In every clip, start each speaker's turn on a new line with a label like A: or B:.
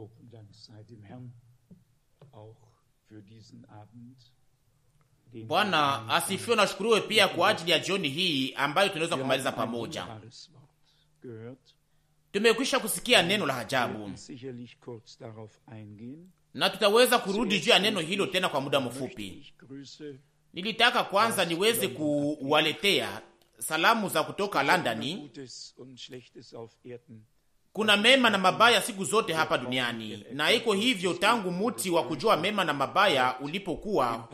A: Lob und sei dem Herrn auch für diesen Abend.
B: Bwana asifiwe na shukuruwe pia kwa ajili ya jioni hii ambayo tunaweza kumaliza pamoja. Tumekwisha kusikia neno la ajabu na tutaweza kurudi juu ya neno hilo tena kwa muda mfupi. Nilitaka kwanza niweze kuwaletea salamu za kutoka Londoni kuna mema na mabaya siku zote hapa duniani, na iko hivyo tangu muti wa kujua mema na mabaya ulipokuwa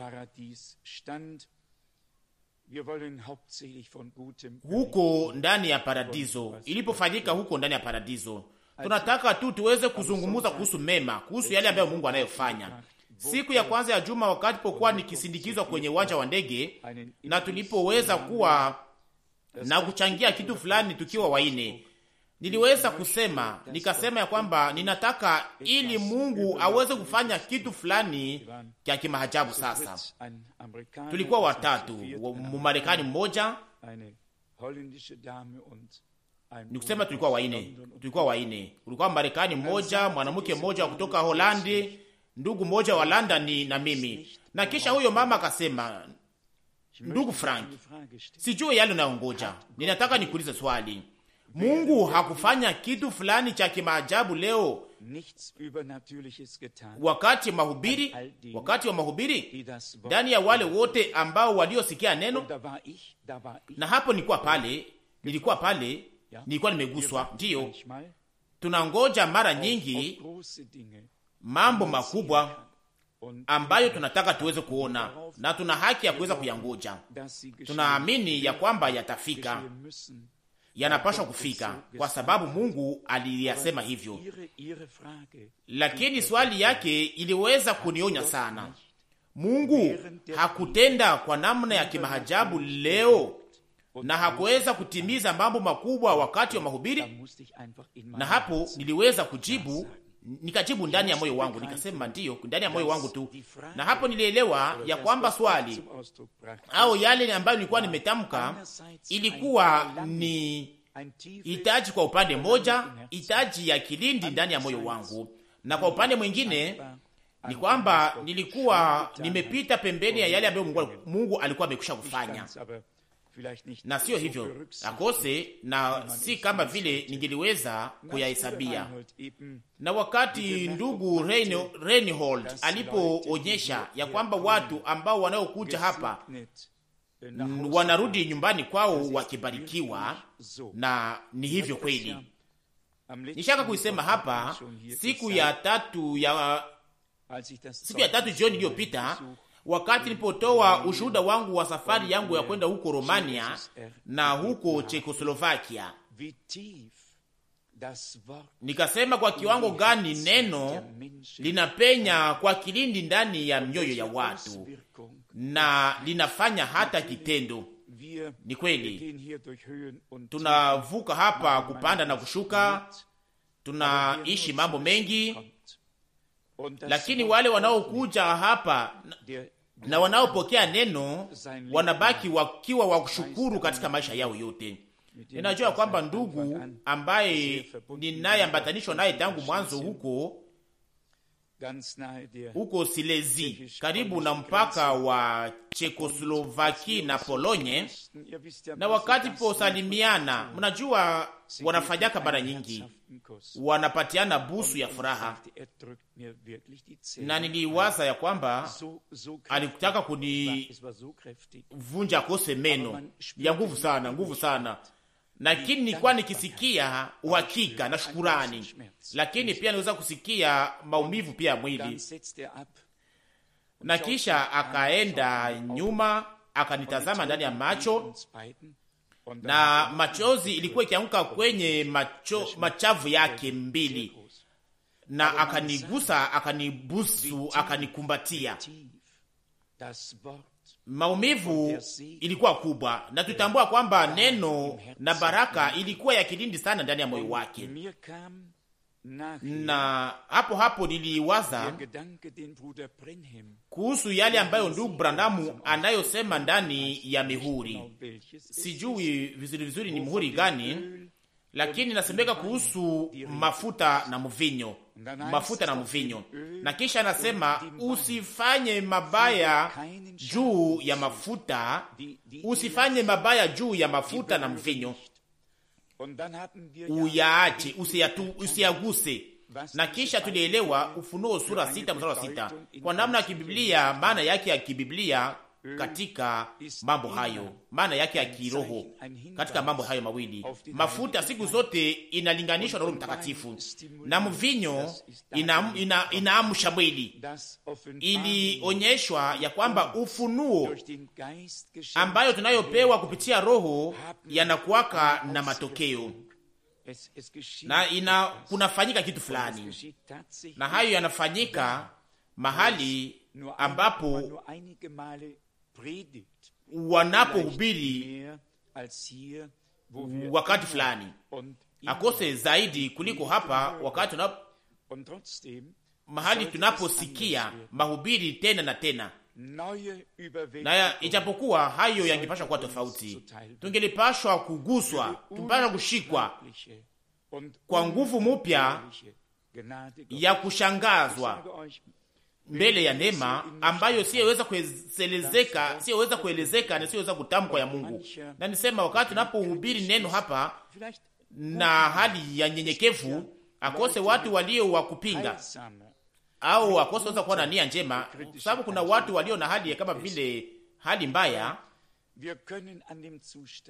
B: huko ndani ya paradizo ilipofanyika huko ndani ya paradizo Tunataka tu tuweze kuzungumza kuhusu mema, kuhusu yale ambayo Mungu anayofanya. Siku ya kwanza ya juma, wakati pokuwa nikisindikizwa kwenye uwanja wa ndege na tulipoweza kuwa na kuchangia kitu fulani tukiwa waine niliweza kusema nikasema ya kwamba ninataka ili Mungu aweze kufanya kitu fulani cha kimahajabu Sasa
A: tulikuwa watatu,
B: Mumarekani mmoja,
A: ni kusema tulikuwa waine,
B: tulikuwa waine, ulikuwa Marekani mmoja, mwanamke mmoja wa kutoka Holandi, ndugu mmoja wa Londoni na mimi, na kisha huyo mama akasema, ndugu Frank, sijui yale unayongoja, ninataka nikuulize swali Mungu hakufanya kitu fulani cha kimaajabu leo wakati mahubiri, wakati wa mahubiri ndani ya wale wote ambao waliosikia neno. Na hapo nilikuwa pale, nilikuwa pale, nilikuwa nimeguswa. Ndiyo, tunangoja mara nyingi mambo makubwa ambayo tunataka tuweze kuona na tuna haki ya kuweza kuyangoja. Tunaamini ya kwamba yatafika yanapashwa kufika kwa sababu Mungu aliyasema hivyo. Lakini swali yake iliweza kunionya sana. Mungu hakutenda kwa namna ya kimahajabu leo na hakuweza kutimiza mambo makubwa wakati wa mahubiri, na hapo niliweza kujibu Nikajibu ndani ya moyo wangu, nikasema ndiyo, ndani ya moyo wangu tu. Na hapo nilielewa ya kwamba swali au yale ambayo nilikuwa nimetamka ilikuwa ni hitaji kwa upande mmoja, hitaji ya kilindi ndani ya moyo wangu, na kwa upande mwingine ni kwamba nilikuwa nimepita pembeni ya yale ambayo Mungu alikuwa amekwisha kufanya na siyo hivyo akose, na si kama vile ningeliweza kuyahesabia. Na wakati ndugu Reinhold alipoonyesha ya kwamba watu ambao wanaokuja hapa äh, wanarudi nyumbani kwao wakibarikiwa, na ni hivyo kweli. Nishaka kuisema hapa siku ya tatu ya siku ya tatu jioni iliyopita wakati nilipotoa ushuhuda wangu wa safari yangu ya kwenda huko Romania na huko Chekoslovakia, nikasema kwa kiwango gani neno linapenya kwa kilindi ndani ya mioyo ya watu na linafanya hata kitendo.
A: Ni kweli tunavuka
B: hapa kupanda na kushuka, tunaishi mambo mengi, lakini wale wanaokuja hapa na wanaopokea neno wanabaki wakiwa wa kushukuru katika maisha yao yote. Ninajua kwamba ndugu ambaye ninayeambatanishwa naye tangu mwanzo huko huko Silezi karibu na mpaka wa Chekoslovaki na Polonye. Na wakati posalimiana, mnajua wanafanyaka mara nyingi, wanapatiana busu ya er furaha,
A: er na
B: niliwaza ya kwamba alikutaka
A: kunivunja
B: kose meno ya nguvu sana, nguvu sana lakini nilikuwa nikisikia uhakika na shukurani, lakini pia niweza kusikia maumivu pia ya mwili. Na kisha akaenda nyuma akanitazama ndani ya macho, na machozi ilikuwa ikianguka kwenye macho, machavu yake mbili, na akanigusa, akanibusu, akanikumbatia maumivu ilikuwa kubwa, na tutambua kwamba neno na baraka ilikuwa ya kilindi sana ndani ya moyo wake. Na hapo hapo niliwaza kuhusu yale ambayo ndugu Brandamu anayosema ndani ya mihuri. Sijui vizuri vizuri ni muhuri gani, lakini nasemeka kuhusu mafuta na mvinyo mafuta na mvinyo, na kisha anasema usifanye mabaya juu ya mafuta, usifanye mabaya juu ya mafuta na mvinyo, uyaache, usiyaguse. Na kisha tulielewa Ufunuo sura sita mstari wa sita kwa namna ya kibiblia, maana yake ya kibiblia Hmm. katika mambo hayo, maana yake ya kiroho katika mambo hayo mawili. Mafuta siku zote inalinganishwa na Roho Mtakatifu, na mvinyo inaamsha mwili. Ilionyeshwa ya kwamba hmm. ufunuo ambayo tunayopewa kupitia Roho yanakuwaka na matokeo na ina kunafanyika kitu fulani, na hayo yanafanyika mahali ambapo wanapohubiri wakati fulani akose zaidi kuliko hapa wakati tuna, mahali tunaposikia mahubiri tena na tena na ijapokuwa hayo yangepashwa kuwa tofauti, tungelipashwa kuguswa, tungepashwa kushikwa kwa nguvu mupya ya kushangazwa mbele ya neema ambayo siyoweza kuelezeka, siyoweza kuelezeka na siyoweza kutamkwa ya Mungu. Uh, na nisema wakati hubiri neno hapa na hali ya nyenyekevu, akose watu walio wa kupinga au akose weza kuwa na nia njema, sababu kuna watu walio na hali ya kama vile hali mbaya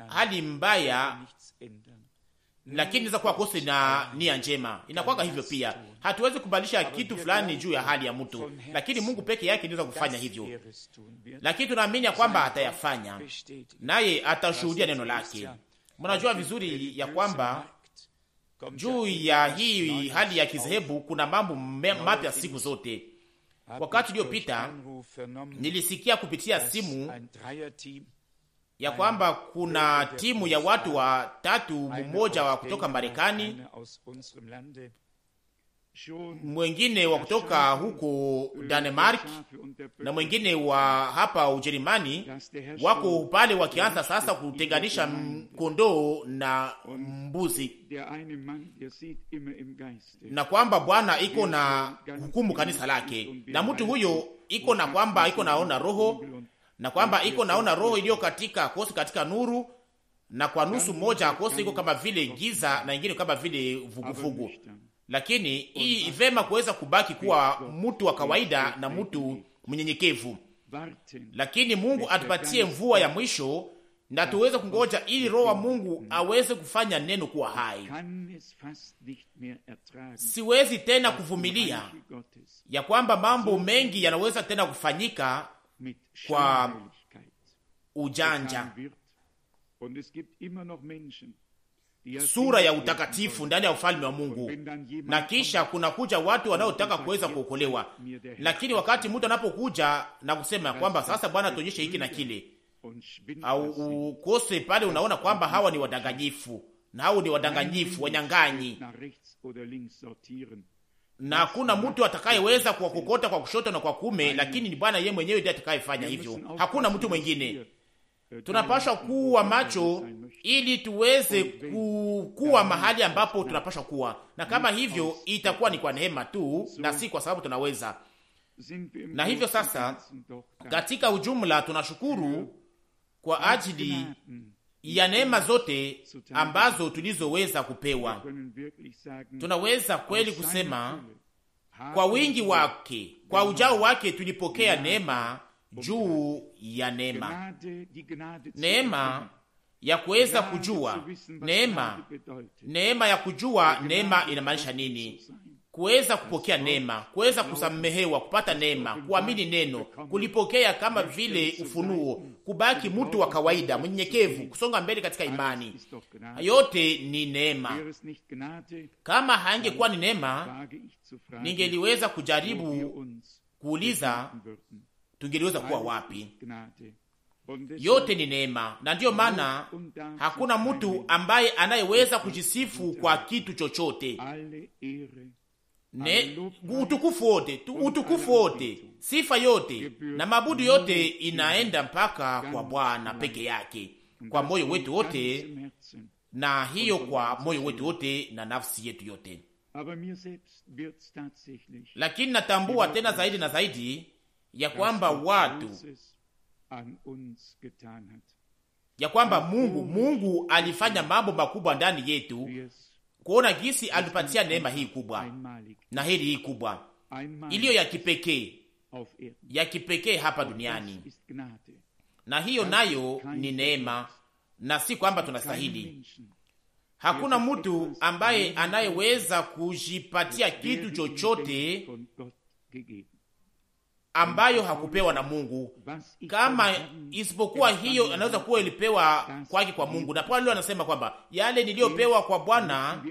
A: hali mbaya
B: lakini inaweza kuwa kosi na nia njema. Inakuwa hivyo pia, hatuwezi kubadilisha kitu fulani juu ya hali ya mtu, lakini Mungu peke yake ndiye kufanya hivyo, lakini tunaamini ya kwamba atayafanya, naye atashuhudia neno lake. Mnajua vizuri ya kwamba juu ya hii hali ya kizehebu kuna mambo mapya siku zote. Wakati uliopita nilisikia kupitia simu
A: ya kwamba kuna timu ya watu
B: wa tatu mmoja wa kutoka Marekani, mwengine wa kutoka huko Denmark na mwengine wa hapa Ujerumani, wako pale wakianza sasa kutenganisha kondoo na mbuzi,
A: na kwamba Bwana iko na hukumu kanisa lake, na mtu
B: huyo iko na kwamba iko naona roho na kwamba iko naona roho iliyo katika kosi katika nuru, na kwa nusu moja akosi iko kama vile giza na ingine kama vile vuguvugu. Lakini hii ivema kuweza kubaki kuwa mtu wa kawaida na mtu mnyenyekevu, lakini Mungu atupatie mvua ya mwisho na tuweze kungoja ili roho wa Mungu aweze kufanya neno kuwa hai. Siwezi tena kuvumilia ya kwamba mambo mengi yanaweza tena kufanyika kwa ujanja sura ya utakatifu ndani ya ufalme wa Mungu, na kisha kunakuja watu wanaotaka kuweza kuokolewa. Lakini wakati mtu anapokuja na kusema kwamba sasa, Bwana, er, tuonyeshe hiki na kile, au ukose pale, unaona kwamba hawa ni wadanganyifu na hao ni wadanganyifu, wanyang'anyi na hakuna mtu atakayeweza kuwakokota kwa kushoto na kwa kume, lakini ni Bwana yeye mwenyewe ndiye atakayefanya hivyo, oh, hakuna mtu mwingine. Tunapashwa kuwa macho ili tuweze kuwa mahali ambapo tunapashwa kuwa, na kama hivyo itakuwa ni kwa neema tu na si kwa sababu tunaweza. Na hivyo sasa, katika ujumla tunashukuru kwa ajili ya neema zote ambazo tulizoweza kupewa. Tunaweza kweli kusema kwa wingi wake, kwa ujao wake tulipokea neema juu ya neema, neema ya kuweza kujua neema, neema ya kujua neema inamaanisha nini, kuweza kupokea neema, kuweza kusamehewa, kupata neema, kuamini neno, kulipokea kama vile ufunuo, kubaki mtu wa kawaida mnyenyekevu, kusonga mbele katika imani, yote ni neema. Kama haingekuwa ni neema,
A: ningeliweza
B: kujaribu kuuliza, tungeliweza kuwa wapi? Yote ni neema, na ndiyo maana hakuna mtu ambaye anayeweza kujisifu kwa kitu chochote ne utukufu wote, utukufu wote, sifa yote na mabudu yote inaenda mpaka kwa Bwana peke yake,
A: kwa moyo wetu
B: wote, na hiyo kwa moyo wetu wote na nafsi yetu yote.
A: Lakini natambua tena zaidi na zaidi ya kwamba watu ya kwamba Mungu
B: Mungu alifanya mambo makubwa ndani yetu kuona gisi alipatia neema hii kubwa na heri hii kubwa iliyo ya kipekee ya kipekee hapa duniani, na hiyo nayo ni neema na si kwamba tunastahili. Hakuna mtu ambaye anayeweza kujipatia kitu chochote ambayo hakupewa na Mungu, kama isipokuwa hiyo anaweza kuwa ilipewa kwake kwa Mungu. Na Paulo anasema kwamba yale niliyopewa kwa Bwana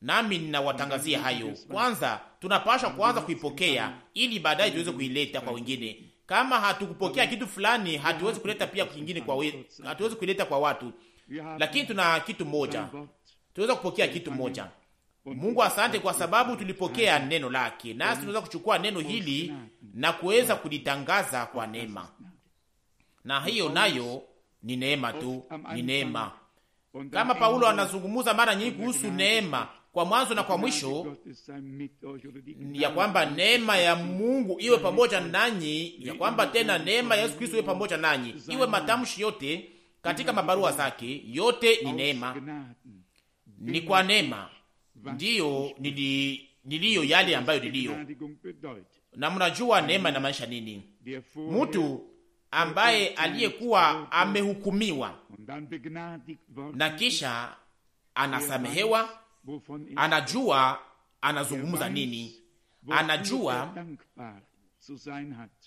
B: nami ninawatangazia hayo. Kwanza tunapasha kwanza kuipokea ili baadaye tuweze kuileta kwa wengine. Kama hatukupokea kitu fulani, hatuwezi kuleta pia kingine kwa we, hatuwezi kuileta kwa watu, lakini tuna kitu moja, tuweza kupokea kitu moja Mungu, asante kwa sababu tulipokea neno lake, nasi tunaweza kuchukua neno hili na kuweza kulitangaza kwa neema, na hiyo nayo ni neema tu, ni neema. Kama Paulo anazungumza mara nyingi kuhusu neema kwa mwanzo na kwa mwisho, ya kwamba neema ya Mungu iwe pamoja nanyi, ya kwamba tena neema ya Yesu Kristo iwe pamoja nanyi, iwe matamshi yote katika mabarua zake, yote ni neema, ni kwa neema ndiyo nili, niliyo yale ambayo niliyo. Na mnajua neema inamaanisha nini?
A: Mtu
B: ambaye aliyekuwa amehukumiwa na kisha anasamehewa, anajua anazungumza nini, anajua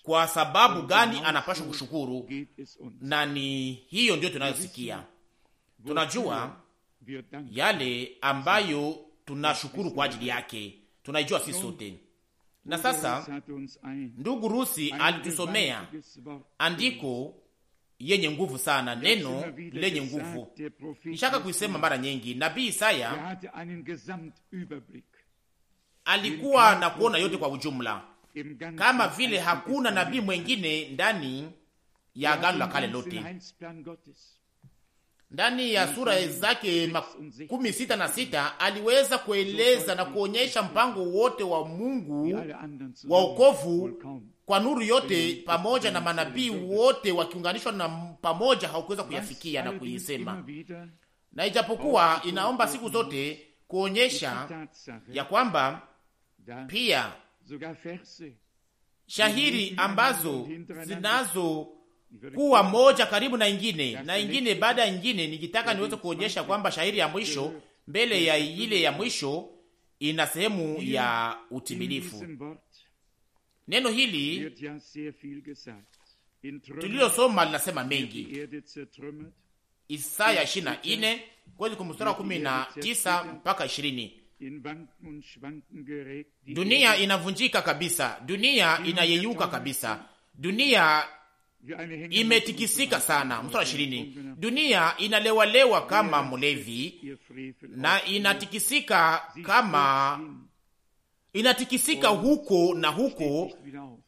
A: kwa sababu gani anapashwa
B: kushukuru. Na ni hiyo ndiyo tunayosikia, tunajua yale ambayo tunashukuru kwa ajili yake, tunaijua sisi sote. Na sasa ndugu Rusi alitusomea andiko yenye nguvu sana, neno lenye nguvu. Nishaka kuisema mara nyingi, nabii Isaya alikuwa na kuona yote kwa ujumla, kama vile hakuna nabii mwengine ndani ya Agano la Kale lote ndani ya sura zake makumi sita na sita aliweza kueleza na kuonyesha mpango wote wa Mungu
A: wa wokovu
B: kwa nuru yote pamoja na manabii wote wakiunganishwa na pamoja, haukuweza kuyafikia na kuisema, na ijapokuwa inaomba siku zote kuonyesha ya kwamba pia shahiri ambazo zinazo kuwa moja karibu na ingine na ingine baada ya ingine, nikitaka niweze kuonyesha kwamba shairi ya mwisho mbele ya ile ya mwisho ina sehemu ya utimilifu.
A: Neno hili tulilosoma linasema mengi. Isaya 24 kwezi kumstara wa 19 mpaka 20.
B: Dunia inavunjika kabisa, dunia inayeyuka kabisa, dunia imetikisika sana. Mstari ishirini, dunia inalewalewa kama mlevi na inatikisika kama inatikisika oh, huko na huko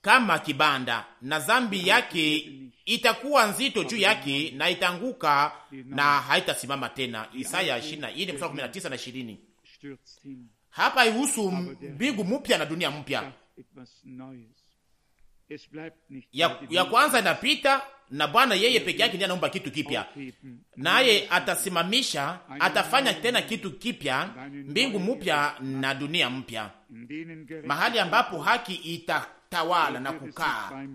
B: kama kibanda, na dhambi yake itakuwa nzito juu yake na itanguka na haitasimama tena. Isaya 24:19 na 20. Hapa ihusu mbingu mpya na dunia mpya ya, ya kwanza inapita na Bwana yeye peke yake ndiye anaumba kitu kipya, naye atasimamisha, atafanya tena kitu kipya, mbingu mpya na dunia mpya,
A: mahali ambapo
B: haki itatawala na kukaa.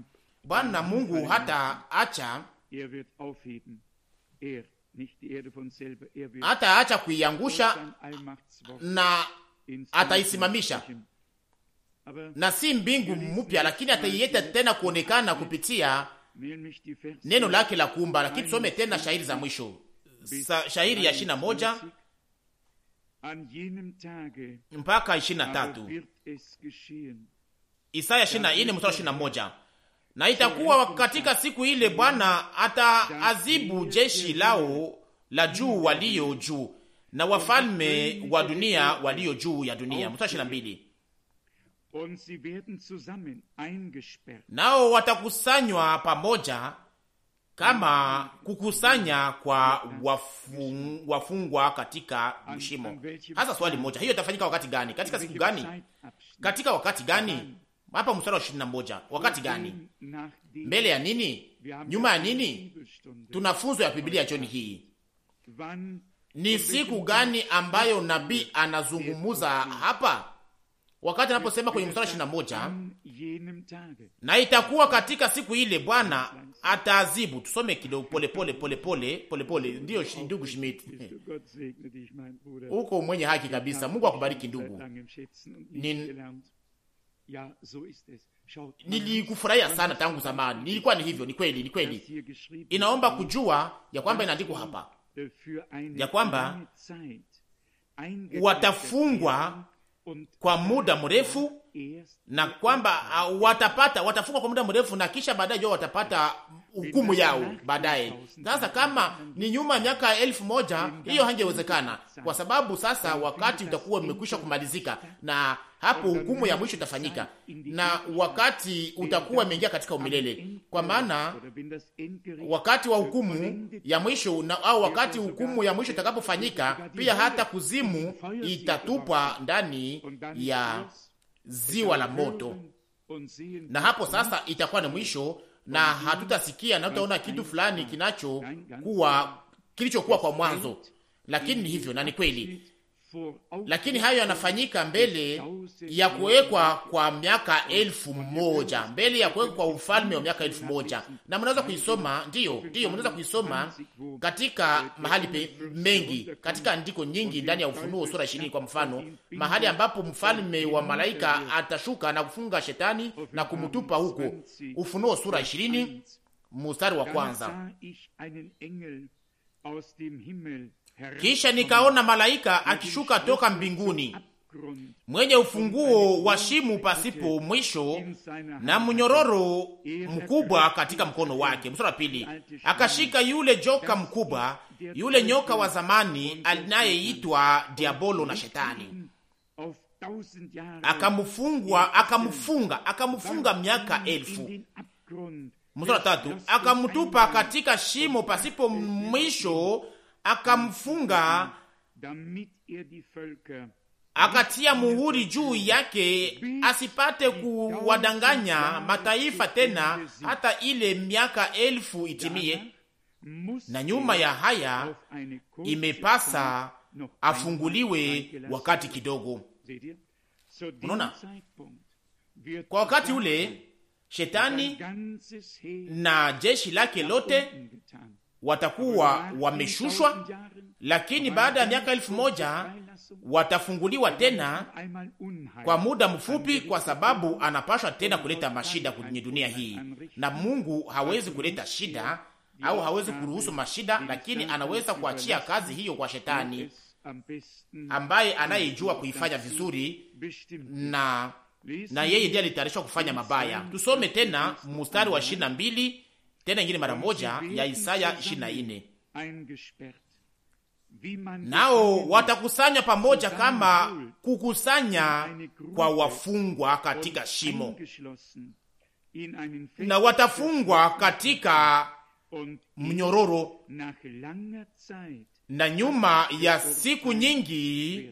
B: Bwana na Mungu hata
A: acha er er, er hata acha kuiangusha na ataisimamisha
B: na si mbingu mpya, lakini ataiyeta tena kuonekana kupitia neno lake la kuumba. Lakini tusome tena shairi za mwisho, shahiri ya ishirini na moja mpaka ishirini na tatu Isaya ishirini na nne mstari ishirini na moja na itakuwa katika siku ile Bwana ataazibu jeshi lao la juu walio juu na wafalme wa dunia walio juu ya dunia. Mstari ishirini na mbili nao watakusanywa pamoja kama kukusanya kwa wafung, wafungwa katika mshimo Hasa swali moja hiyo, itafanyika wakati gani? Katika siku gani? Katika wakati gani? Hapa mstari wa ishirini na moja, wakati gani? Mbele ya nini? Nyuma ya nini? Tunafunzo ya Biblia jioni hii ni siku gani ambayo nabii anazungumuza hapa? wakati anaposema kwenye mstari ishirini na moja na itakuwa katika siku ile Bwana ataazibu. Tusome kidogo polepole polepole polepole, ndiyo ndugu Schmidt,
A: uko mwenye haki kabisa. Mungu akubariki ndugu. Nilikufurahia
B: sana tangu zamani, nilikuwa ni hivyo. Ni kweli, ni kweli. Inaomba kujua ya kwamba inaandikwa hapa
A: ya kwamba
B: watafungwa kwa muda mrefu na kwamba uh, watapata watafungwa kwa muda mrefu na kisha baadaye jua watapata hukumu yao baadaye. Sasa kama ni nyuma ya miaka elfu moja hiyo hangewezekana, kwa sababu sasa wakati utakuwa umekwisha kumalizika na hapo hukumu ya mwisho itafanyika, na wakati utakuwa umeingia katika umilele, kwa maana wakati wa hukumu ya mwisho na, au wakati hukumu ya mwisho itakapofanyika, pia hata kuzimu itatupwa ndani ya ziwa la moto, na hapo sasa itakuwa ni mwisho, na hatutasikia na tutaona kitu fulani kinachokuwa kilichokuwa kwa mwanzo, lakini ni hivyo na ni kweli lakini hayo yanafanyika mbele ya kuwekwa kwa miaka elfu moja mbele ya kuwekwa kwa ufalme wa miaka elfu moja na mnaweza kuisoma, ndiyo, ndiyo, mnaweza kuisoma katika mahali pe, mengi katika andiko nyingi ndani ya Ufunuo sura ishirini kwa mfano, mahali ambapo mfalme wa malaika atashuka na kufunga shetani na kumtupa huko. Ufunuo sura ishirini mustari wa kwanza. Kisha nikaona malaika akishuka toka mbinguni mwenye ufunguo wa shimu pasipo mwisho na mnyororo mkubwa katika mkono wake. Mstari wa pili, akashika yule joka mkubwa, yule nyoka wa zamani anayeitwa Diabolo na Shetani, akamfungwa akamfunga akamfunga miaka elfu. Mstari wa tatu, akamtupa katika shimo pasipo mwisho akamfunga akatia muhuri juu yake, asipate kuwadanganya mataifa tena hata ile miaka elfu itimie. Na nyuma ya haya
A: imepasa
B: afunguliwe wakati kidogo.
A: Unaona, kwa wakati ule
B: shetani na jeshi lake lote watakuwa wameshushwa, lakini baada ya miaka elfu moja watafunguliwa tena kwa muda mfupi, kwa sababu anapashwa tena kuleta mashida kwenye dunia hii, na Mungu hawezi kuleta shida au hawezi kuruhusu mashida, lakini anaweza kuachia kazi hiyo kwa shetani ambaye anayejua kuifanya vizuri na na yeye ndiye alitayarishwa kufanya mabaya. Tusome tena mstari wa ishirini na mbili tena ingine mara moja ya Isaya 24, nao watakusanywa pamoja kama kukusanya kwa wafungwa katika shimo, na watafungwa katika mnyororo, na nyuma ya siku nyingi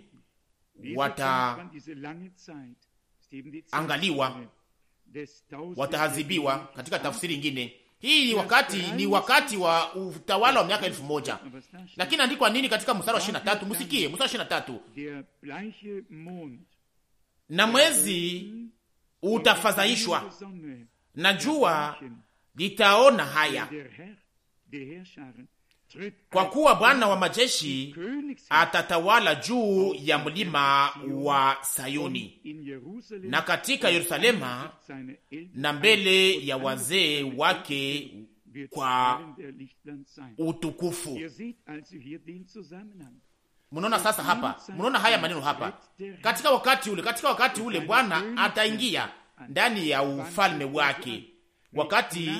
A: wataangaliwa, watahazibiwa
B: Katika tafsiri ingine hii wakati ni wakati wa utawala wa miaka elfu moja. Lakini andikwa nini katika mstari wa tatu? musikie mstari wa tatu: Na mwezi utafadhaishwa na jua litaona haya kwa kuwa Bwana wa majeshi atatawala juu ya mlima wa Sayuni
A: na katika Yerusalema
B: na mbele ya wazee wake kwa
A: utukufu.
B: Munaona sasa hapa, munaona haya maneno hapa, katika wakati ule, katika wakati ule Bwana ataingia ndani ya ufalme wake. Wakati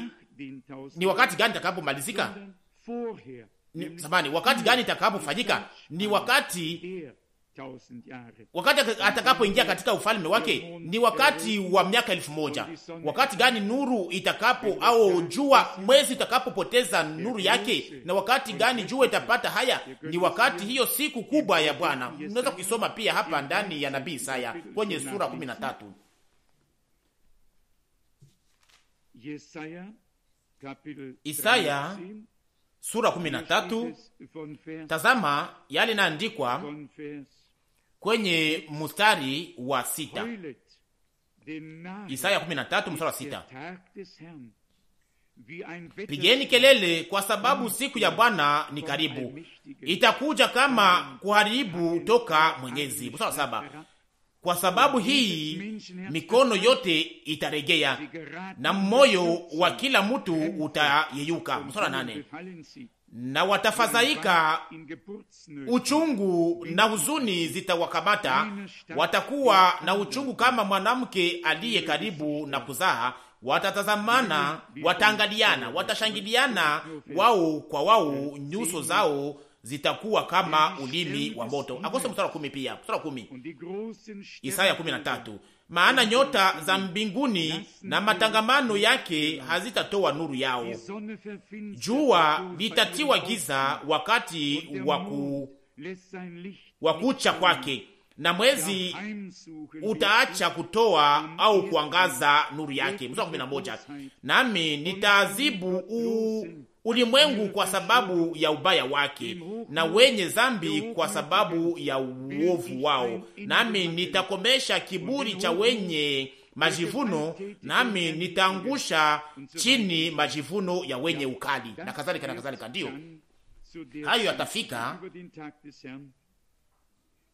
B: ni wakati gani? Takapomalizika samani, wakati gani itakapofanyika? Ni wakati wakati atakapoingia katika ufalme wake, ni wakati wa miaka elfu moja. Wakati gani nuru itakapo au jua mwezi utakapopoteza nuru yake, na wakati gani jua itapata haya? Ni wakati hiyo siku kubwa ya Bwana. Unaweza kuisoma pia hapa ndani ya nabii Isaya kwenye sura kumi na tatu.
A: Isaya sura 13
B: Tazama yale inaandikwa kwenye mstari wa sita, Isaya 13 mstari wa sita: Pigeni kelele kwa sababu siku ya Bwana ni karibu, itakuja kama kuharibu toka Mwenyezi. Mstari wa saba: kwa sababu hii mikono yote itaregea na moyo wa kila mtu utayeyuka. nane na watafadhaika, uchungu na huzuni zitawakamata, watakuwa na uchungu kama mwanamke aliye karibu na kuzaa. Watatazamana, wataangaliana, watashangiliana wao kwa wao, nyuso zao zitakuwa kama ulimi wa moto. Akose mstari wa kumi pia, mstari wa kumi, Isaya kumi na tatu. Maana nyota za mbinguni na matangamano yake hazitatoa nuru yao, jua litatiwa giza wakati wa kucha kwake, na mwezi utaacha kutoa au kuangaza nuru yake. Mstari wa kumi na moja, nami u ulimwengu kwa sababu ya ubaya wake na wenye zambi kwa sababu ya uovu wao, nami nitakomesha kiburi cha wenye majivuno, nami nitaangusha chini majivuno ya wenye ukali, na kadhalika na kadhalika. Ndiyo
A: hayo yatafika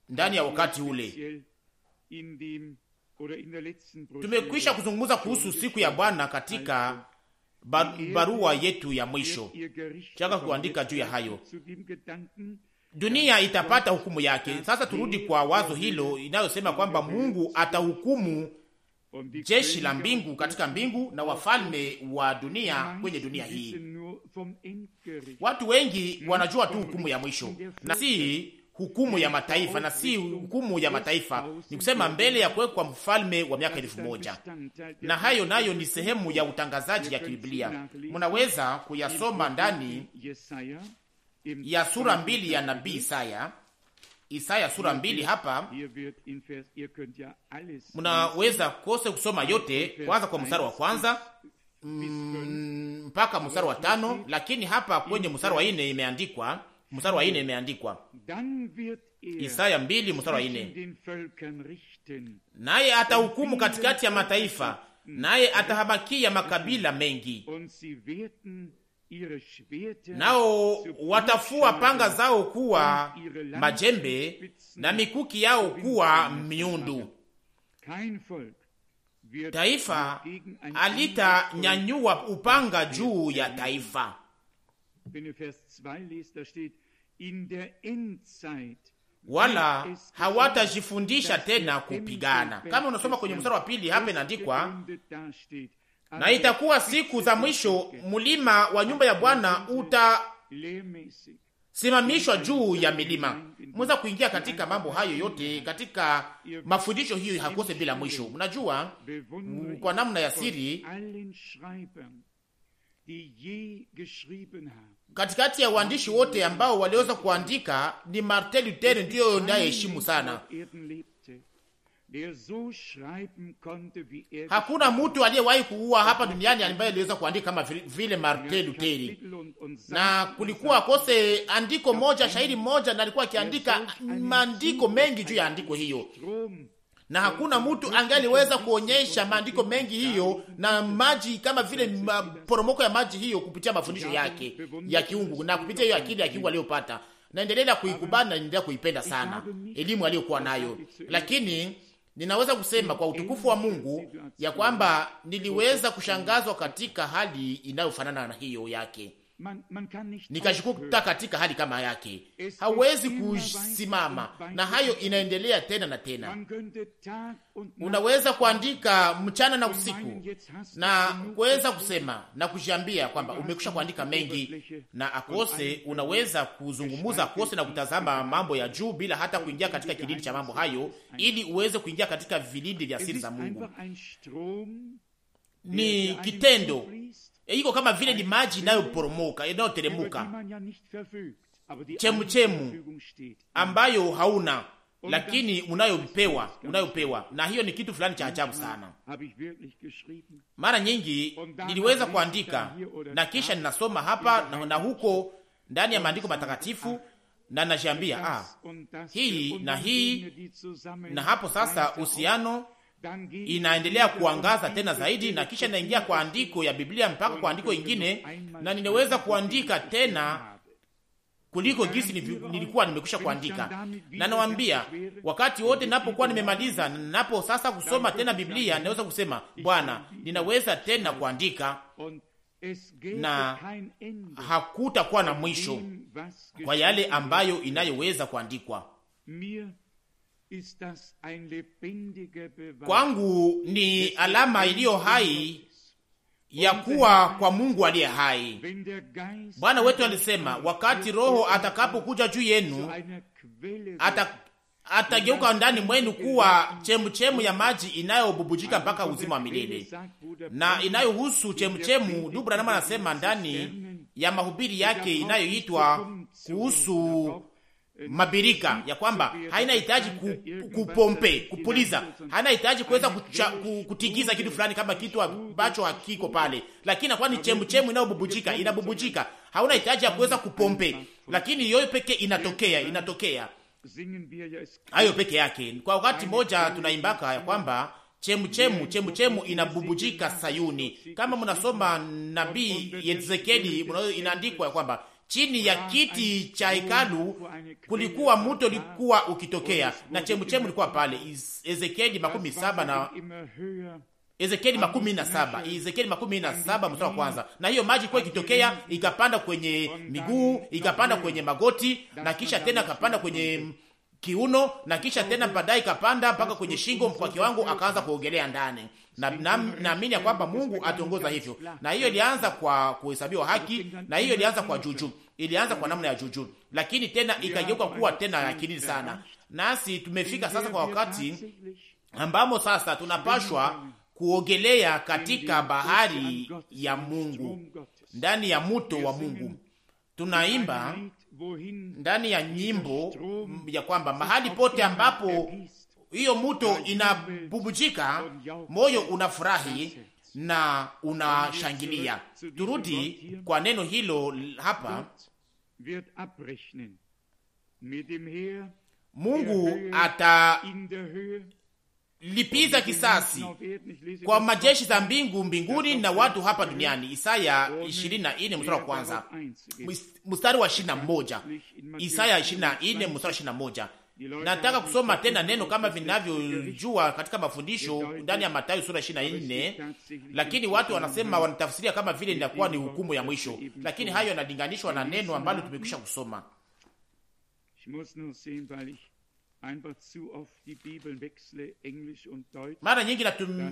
B: ndani ya wakati ule. Tumekwisha kuzungumza kuhusu siku ya Bwana katika barua yetu ya mwisho. Chaka kuandika juu ya hayo, dunia itapata hukumu yake. Sasa turudi kwa wazo hilo inayosema kwamba Mungu atahukumu jeshi la mbingu katika mbingu na wafalme wa dunia kwenye dunia hii. Watu wengi hmm? wanajua tu hukumu ya mwisho na si hukumu ya mataifa na si hukumu ya mataifa, ni kusema mbele ya kuwekwa mfalme wa miaka elfu moja. Na hayo nayo ni sehemu ya utangazaji ya kibiblia, munaweza kuyasoma ndani ya sura mbili ya nabii Isaya. Isaya sura mbili hapa munaweza kose kusoma yote, kwanza kwa mstari wa kwanza mm, mpaka mstari wa tano, lakini hapa kwenye mstari wa nne imeandikwa mstari wa ine imeandikwa,
A: er Isaya mbili mstari wa ine
B: naye atahukumu katikati ya mataifa, naye atahabakia makabila mengi,
A: nao
B: watafua panga zao kuwa majembe na mikuki yao kuwa miundu. Taifa alitanyanyua upanga juu ya taifa
A: wenn ihr Vers 2 liest, da steht, in der Endzeit wala
B: hawatajifundisha tena kupigana. Kama unasoma kwenye mstari wa pili hapa inaandikwa, na itakuwa siku za mwisho mlima wa nyumba ya Bwana utasimamishwa juu ya milima. Mweza kuingia katika mambo hayo yote, katika mafundisho hiyo hakose bila mwisho. Mnajua kwa namna ya siri Katikati ya waandishi wote ambao waliweza kuandika ni Martin Luther ndiyo nayeheshimu sana.
A: Er Hakuna
B: mtu aliyewahi kuua hapa duniani ambaye aliweza kuandika kama vile Martin Luther, na kulikuwa kose andiko moja, shahiri moja, na alikuwa akiandika maandiko mengi juu ya andiko hiyo na hakuna mtu angaliweza kuonyesha maandiko mengi hiyo na maji kama vile maporomoko ya maji hiyo kupitia mafundisho yake ya kiungu na kupitia hiyo akili ya kiungu aliyopata. Naendelea kuikubali na endelea kuipenda sana elimu aliyokuwa nayo, lakini ninaweza kusema kwa utukufu wa Mungu ya kwamba niliweza kushangazwa katika hali inayofanana na hiyo yake
A: nikashikuta
B: katika hali kama yake, hawezi kusimama na hayo, inaendelea tena na tena. Unaweza kuandika mchana na oh usiku na kuweza kusema na kujiambia kwamba umekusha kuandika mengi, na akose unaweza kuzungumuza akose na kutazama mambo ya juu bila hata kuingia katika kilindi cha mambo hayo, ili uweze kuingia katika vilindi vya siri za Mungu.
A: Ni kitendo
B: Eh, iko kama vile ni maji inayoporomoka inayoteremuka, chemuchemu ambayo hauna lakini unayopewa unayopewa, na hiyo ni kitu fulani cha ajabu sana. Mara nyingi niliweza kuandika na kisha ninasoma hapa na, na huko ndani ya maandiko matakatifu na najiambia ah, hii na hii na hapo. Sasa uhusiano inaendelea kuangaza tena zaidi, na kisha inaingia kwa andiko ya Biblia mpaka kwa andiko ingine, na ninaweza kuandika tena kuliko jinsi nilikuwa nimekwisha kuandika. Na nawaambia wakati wote ninapokuwa nimemaliza, ninapo sasa kusoma tena Biblia, ninaweza kusema Bwana, ninaweza tena kuandika na hakutakuwa na mwisho kwa yale ambayo inayoweza kuandikwa
A: kwangu
B: ni alama iliyo hai ya kuwa kwa Mungu aliye hai. Bwana wetu alisema, wakati Roho atakapokuja juu yenu ata, atageuka ndani mwenu kuwa chemuchemu ya maji inayobubujika mpaka uzima wa milele na inayohusu chemuchemu. Ndugu Branham anasema ndani ya mahubiri yake inayoitwa kuhusu mabirika ya kwamba haina hitaji kupompe kupuliza, haina hitaji kuweza kutigiza kitu fulani kama kitu ambacho hakiko pale, lakini inakuwa ni chemu chemu inayobubujika, inabubujika. Hauna hitaji ya kuweza kupompe, lakini yoyo peke inatokea, inatokea hayo peke yake. Kwa wakati mmoja tunaimbaka ya kwamba chemu chemu chemu chemu inabubujika Sayuni, kama mnasoma nabii Ezekieli inaandikwa ya kwamba chini ya kiti cha hekalu kulikuwa mto ulikuwa ukitokea na chemuchemu likuwa pale. Ezekieli makumi saba na Ezekieli makumi na saba Ezekieli makumi na saba mstari wa kwanza. Na hiyo maji kuwa ikitokea ikapanda kwenye miguu ikapanda kwenye magoti na kisha tena akapanda kwenye kiuno na kisha tena baadaye ikapanda mpaka kwenye shingo. kwa kiwango akaanza kuogelea ndani Naamini na, na ya kwamba Mungu atongoza hivyo, na hiyo ilianza kwa kuhesabiwa haki, na hiyo ilianza kwa juju, ilianza kwa namna ya juju, lakini tena ikageuka kuwa tena ya sana. Nasi tumefika sasa kwa wakati ambamo sasa tunapashwa kuogelea katika bahari ya Mungu, ndani ya muto wa Mungu. Tunaimba ndani ya nyimbo ya kwamba mahali pote ambapo hiyo muto inabubujika, moyo unafurahi na unashangilia. Turudi kwa neno hilo hapa.
A: Mungu atalipiza
B: kisasi kwa majeshi za mbingu mbinguni na watu hapa duniani. Isaya 24 mstari wa kwanza mstari wa 21, Isaya 24 mstari wa 21. Nataka kusoma tena neno kama vinavyojua katika mafundisho ndani ya Mathayo sura 24, lakini watu wanasema wanatafsiria kama vile inakuwa ni hukumu ya mwisho, lakini hayo yanalinganishwa na neno ambalo tumekwisha kusoma.
A: Mara nyingi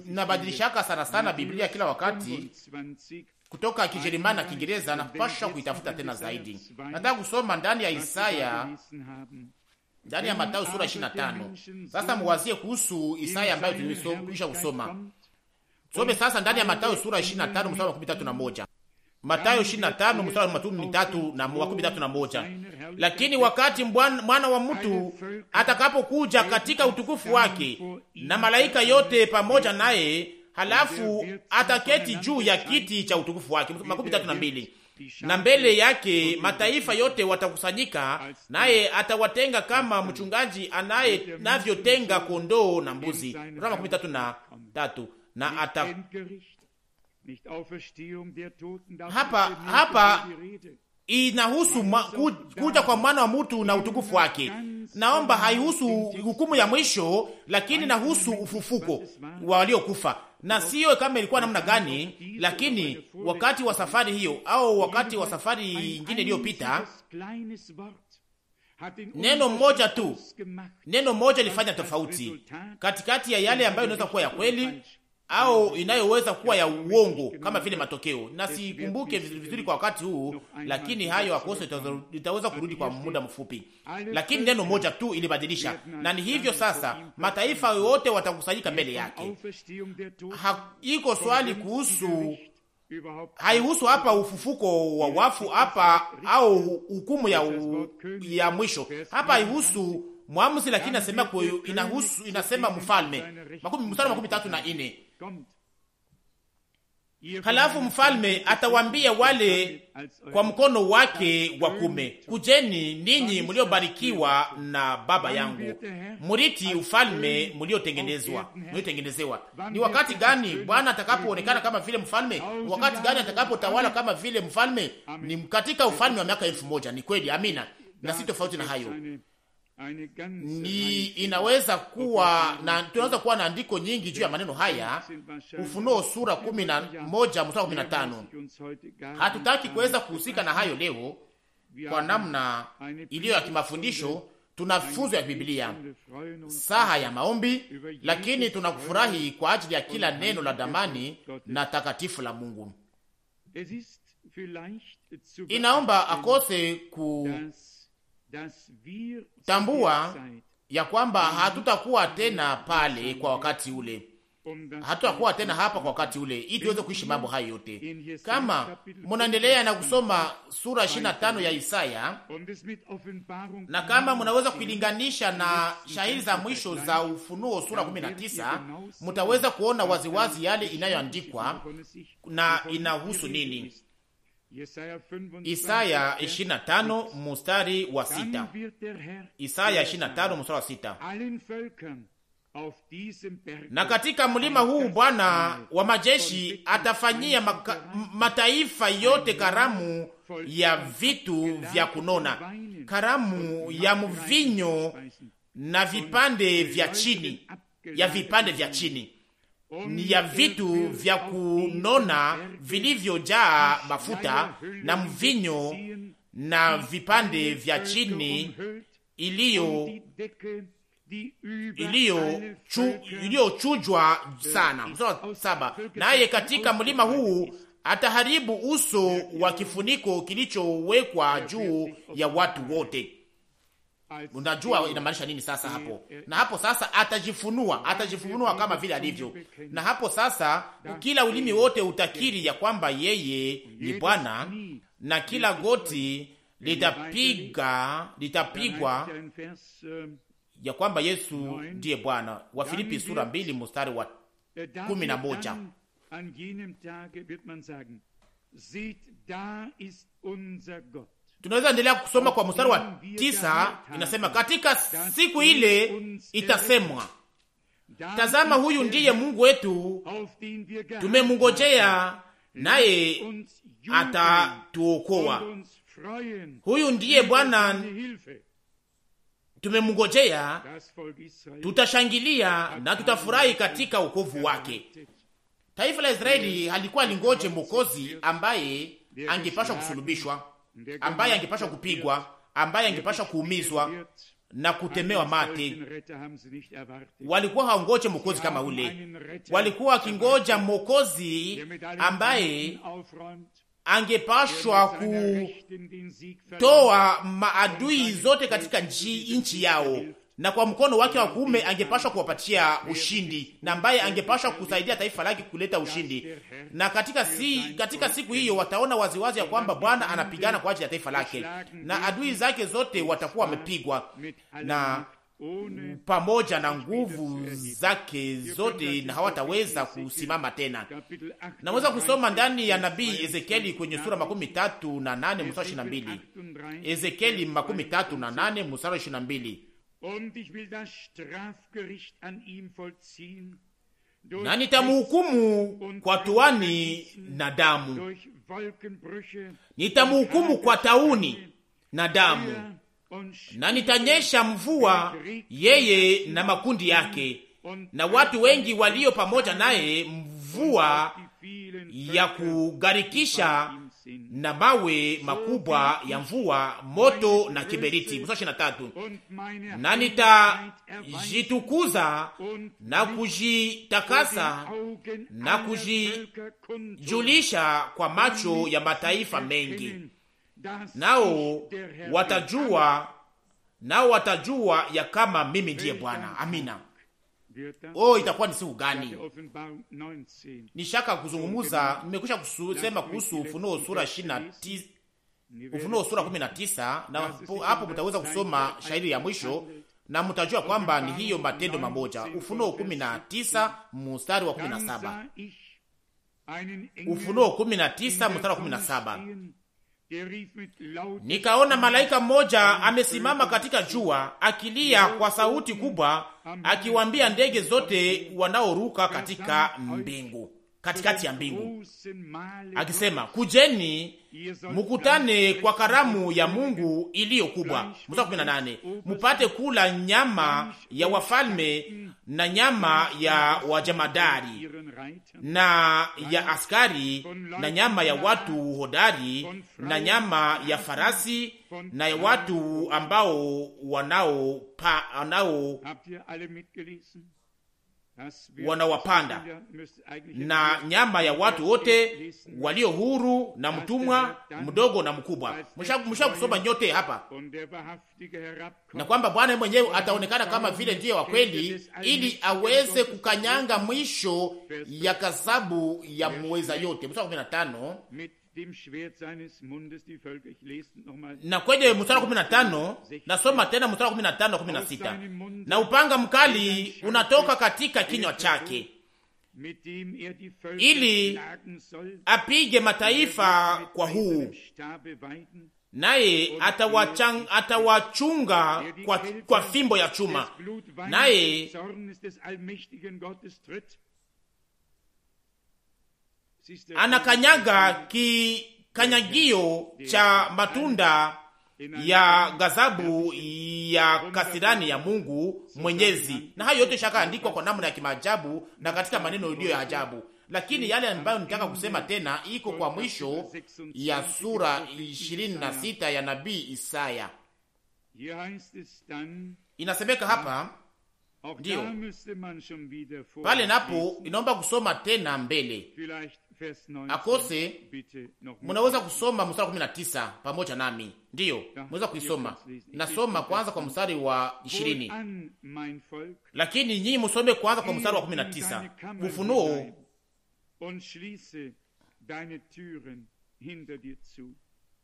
A: nabadilishaka sana sana Biblia kila wakati kutoka
B: Kijerumani na Kiingereza, napasha kuitafuta tena zaidi. Nataka kusoma ndani ya Isaya ndani ya Mathayo sura 25. Sasa muwazie kuhusu Isaya ambayo tulisha kusoma. Tusome sasa ndani ya Mathayo sura 25 mstari wa 13 na moja. Mathayo 25 mstari wa 13 na moja. Lakini wakati mwana wa mtu atakapokuja katika utukufu wake na malaika yote pamoja naye, halafu ataketi juu ya kiti cha utukufu wake. makumi tatu na mbili na mbele yake mataifa yote watakusanyika, naye atawatenga kama mchungaji anaye navyotenga kondoo na mbuzi. Roma makumi tatu na tatu na ata
A: hapa hapa
B: inahusu ku, kuja kwa mwana wa mtu na utukufu wake. Naomba haihusu hukumu ya mwisho, lakini nahusu ufufuko wa waliokufa, na sio kama ilikuwa namna gani, lakini wakati wa safari hiyo au wakati wa safari ingine iliyopita,
A: neno moja tu,
B: neno moja lifanya tofauti katikati ya yale ambayo inaweza kuwa ya kweli au inayoweza kuwa ya uongo kama vile matokeo, na sikumbuke vizuri kwa wakati huu, lakini hayo akose itaweza kurudi kwa muda mfupi, lakini neno moja tu ilibadilisha, na ni hivyo sasa, mataifa yote watakusanyika mbele yake. Iko swali kuhusu haihusu hapa ufufuko wa wafu hapa au hukumu ya, ya mwisho hapa haihusu mwamuzi, lakini inasema inahusu inasema mfalme. Makumi mstari makumi tatu na ine Halafu mfalme atawambia wale kwa mkono wake wa kume, kujeni ninyi mliobarikiwa na baba yangu, muriti ufalme mliotengenezwa mliotengenezewa. Ni wakati gani Bwana atakapoonekana kama vile mfalme? Ni wakati gani atakapotawala kama vile mfalme? Ni katika ufalme wa eh, eh. miaka elfu moja. Ni kweli, amina, na si tofauti na hayo ni inaweza kuwa na tunaweza kuwa na andiko nyingi juu ya maneno haya. Ufunuo sura kumi na moja mstari kumi na tano. Hatutaki kuweza kuhusika na hayo leo kwa namna iliyo ya kimafundisho. Tuna funzo ya Biblia, saha ya maombi, lakini tunakufurahi kwa ajili ya kila neno la damani na takatifu la Mungu. Inaomba akose ku Tambua ya kwamba hatutakuwa tena pale kwa wakati ule, um, hatutakuwa tena hapa kwa wakati ule, ili tuweze kuishi mambo hayo yote. Kama munaendelea na kusoma sura 25 ya Isaya, um, na kama munaweza kuilinganisha na shahiri za mwisho za Ufunuo sura 19, mutaweza kuona waziwazi yale inayoandikwa na inahusu nini.
A: Isaya 25
B: mstari wa sita. Isaya 25 mstari wa sita. Na katika mlima huu Bwana wa majeshi atafanyia maka, mataifa yote karamu ya vitu vya kunona, karamu ya mvinyo na vipande vya chini, ya vipande vya chini ni ya vitu vya kunona vilivyojaa mafuta na mvinyo na vipande vya chini iliyo iliyochujwa chu, sana. Saba, naye katika mlima huu ataharibu uso wa kifuniko kilichowekwa juu ya watu wote. Unajua inamaanisha nini sasa hapo? Na hapo sasa atajifunua, atajifunua kama vile alivyo. Na hapo sasa kila ulimi wote utakiri ya kwamba yeye ni Bwana, na kila goti litapiga litapigwa
A: um, ya kwamba Yesu ndiye Bwana. Wa Filipi sura
B: mbili mstari wa kumi na moja.
A: An jenem Tage wird man sagen, seht da ist unser Gott Tunaweza endelea kusoma kwa mstari wa tisa,
B: inasema katika siku ile itasemwa, tazama huyu ndiye Mungu wetu, tumemngojea naye atatuokoa. Huyu ndiye Bwana tumemngojea, tutashangilia na tutafurahi katika ukovu wake. Taifa la Israeli halikuwa lingoje mwokozi ambaye angepashwa kusulubishwa ambaye angepashwa kupigwa, ambaye angepashwa kuumizwa na kutemewa mate. Walikuwa haongoje mwokozi kama yaani ule, walikuwa wakingoja mwokozi ambaye angepashwa kutoa maadui zote katika nchi yao na kwa mkono wake wa kuume angepashwa kuwapatia ushindi, na ambaye angepashwa kusaidia taifa lake kuleta ushindi. Na katika, si, katika siku hiyo wataona waziwazi ya kwamba Bwana anapigana kwa ajili ya taifa lake na adui zake zote watakuwa wamepigwa na pamoja na nguvu zake zote na hawataweza kusimama tena. Naweza kusoma ndani ya nabii Ezekieli kwenye sura makumi tatu na nane mstari ishirini na mbili Ezekieli makumi tatu na nane mstari ishirini na mbili
A: na nitamuhukumu kwa
B: tuani
A: na damu,
B: nitamuhukumu kwa tauni na damu, na nitanyesha mvua yeye na makundi yake na watu wengi walio pamoja naye, mvua ya kugarikisha na mawe makubwa ya mvua, moto na kiberiti. Mstari ishirini na tatu, na nitajitukuza na kujitakasa na kujijulisha kwa macho ya mataifa mengi, nao watajua, nao watajua ya kama mimi ndiye Bwana. Amina. Oh, itakuwa ni siku gani? Nishaka kuzungumuza, nimekwisha kusema kuhusu Ufunuo sura ishirini na tisa Ufunuo sura kumi na tisa na hapo mtaweza kusoma shairi ya mwisho na mtajua kwamba ni hiyo matendo mamoja. Ufunuo kumi na tisa mstari wa kumi na saba Ufunuo kumi na tisa mstari wa kumi na saba Nikaona malaika mmoja amesimama katika jua akilia kwa sauti kubwa, akiwaambia ndege zote wanaoruka katika mbingu katikati ya mbingu akisema, kujeni mukutane kwa karamu ya Mungu iliyo kubwa. Mstari kumi na nane, mupate kula nyama ya wafalme na nyama ya wajamadari na ya askari na nyama ya watu hodari na nyama ya farasi na ya watu ambao wanao pa, wanao
A: wanawapanda na nyama ya watu wote
B: walio huru na mtumwa, mdogo na mkubwa. Msha kusoma nyote hapa, na kwamba Bwana mwenyewe ataonekana kama vile ndiye wa kweli, ili aweze kukanyanga mwisho ya kasabu ya muweza yote. Mstari kumi na tano na kwenye mstari wa 15 nasoma tena mstari wa 15 na sita na upanga mkali unatoka katika kinywa chake
A: er ili
B: apige er mataifa kwa huu, naye er atawachunga
A: kwa, kwa fimbo ya chuma, naye
B: anakanyaga kikanyagio cha matunda ya gazabu ya kasirani ya Mungu Mwenyezi, na hayo yote shaka andikwa kwa namna ya kimaajabu na katika maneno iliyo ya ajabu. Lakini yale ambayo nitaka kusema tena iko kwa mwisho ya sura 26 ya nabii Isaya. Inasemeka hapa ndio
A: pale napo
B: inaomba kusoma tena mbele
A: akose, munaweza
B: kusoma mstari wa kumi na tisa pamoja nami, ndiyo munaweza kuisoma. Nasoma kwanza kwa mstari wa ishirini, lakini nyinyi musome kwanza kwa mstari wa kumi na tisa Ufunuo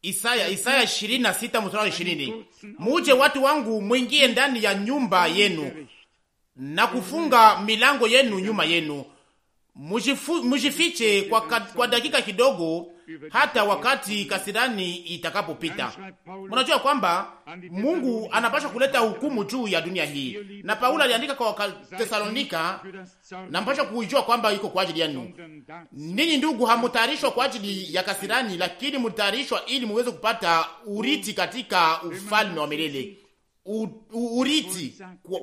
B: Isaya, Isaya ishirini na sita mstari wa ishirini muje watu wangu, mwingie ndani ya nyumba yenu na kufunga milango yenu nyuma yenu mujifu, mujifiche kwa, kwa dakika kidogo, hata wakati kasirani itakapopita. Mnajua kwamba Mungu anapasha kuleta hukumu juu ya dunia hii, na Paulo aliandika kwa Tesalonika, nampasha kuijua kwamba iko kwa ajili yenu ninyi. Ndugu, hamutayarishwa kwa ajili ya kasirani, lakini mutayarishwa ili muweze kupata uriti katika ufalme wa milele uriti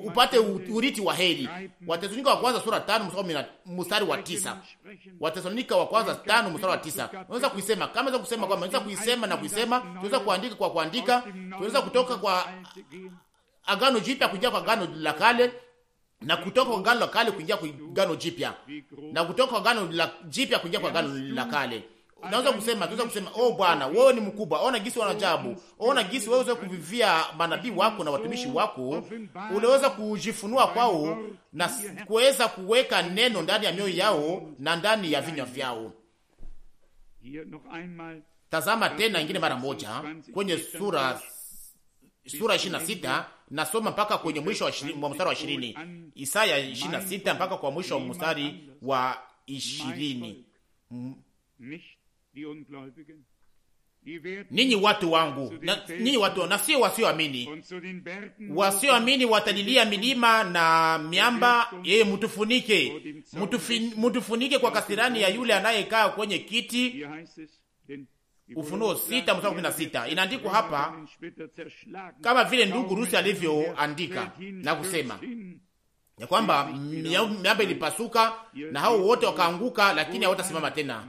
B: upate uriti wa heri. Watesalonika wa kwanza sura tano mstari wa tisa. Watesalonika wa kwanza tano mstari wa tisa. Unaweza kuisema kama unaweza kusema kwamba unaweza kuisema na kuisema, tunaweza kuandika kwa kuandika, tunaweza kutoka kwa agano jipya kuingia kwa agano la kale na kutoka kwa agano la kale kuingia kwa agano jipya na kutoka kwa agano la jipya kuingia kwa agano la kale. Naweza kusema, tunaweza kusema, oh Bwana, wewe ni mkubwa. Ona gisi wanajabu. Ona gisi wewe unaweza kuvivia manabii wako na watumishi wako. Unaweza kujifunua kwao na kuweza kuweka neno ndani ya mioyo yao na ndani ya vinywa vyao. Tazama tena ingine mara moja kwenye sura sura 26 nasoma mpaka kwenye mwisho wa, wa mstari wa 20. Isaya 26 mpaka kwa mwisho wa mstari wa 20
A: ninyi watu wangu na, ninyi watu
B: na sio wasioamini. Wasioamini watalilia milima na miamba, yeye eh, mutufunike, mutufunike kwa kasirani ya yule anayekaa kwenye kiti. Ufunuo sita mstari kumi na sita inaandikwa hapa kama vile ndugu Rusi alivyoandika na kusema ya kwamba miamba ilipasuka na hao wote wakaanguka, lakini hawatasimama tena.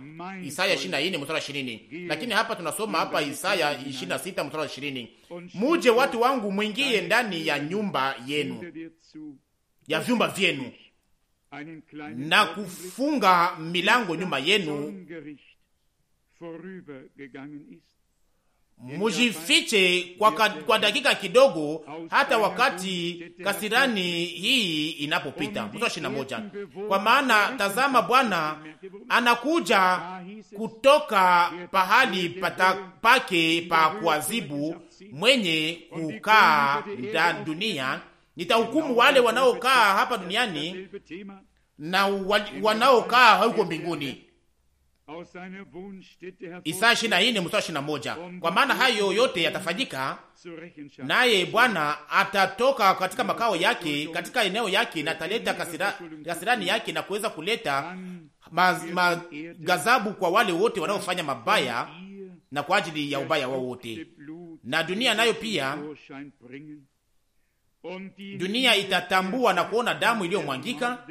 B: Isaya 24 mstari wa 20. Lakini hapa tunasoma hapa Isaya 26 mstari wa 20, muje watu wangu, mwingie ndani ya nyumba yenu ya vyumba vyenu na kufunga milango nyuma yenu mujifiche kwa, ka, kwa dakika kidogo, hata wakati kasirani hii inapopita. Mstari wa moja, kwa maana tazama, Bwana anakuja kutoka pahali pata, pake pa kuazibu mwenye kukaa nda dunia. Nitahukumu wale wanaokaa hapa duniani na wanaokaa huko mbinguni. Isaya ishirini na nne mstari ishirini na moja kwa maana hayo yote yatafanyika, naye Bwana atatoka katika makao yake katika eneo yake, na ataleta kasira, kasirani yake na kuweza kuleta magazabu kwa wale wote wanaofanya mabaya na kwa ajili ya ubaya wao wote, na dunia nayo pia
A: dunia itatambua na kuona damu iliyomwangika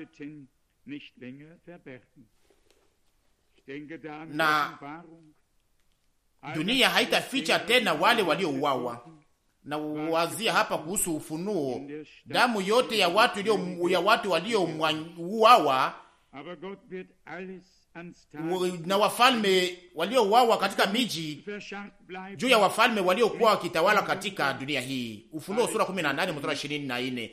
A: na
B: dunia haitaficha tena wale waliouawa. Na wazia hapa kuhusu ufunuo, damu yote ya watu ilio, ya watu waliouawa na wafalme waliouawa katika miji juu ya wafalme waliokuwa wakitawala katika dunia hii. Ufunuo sura 18 mstari 24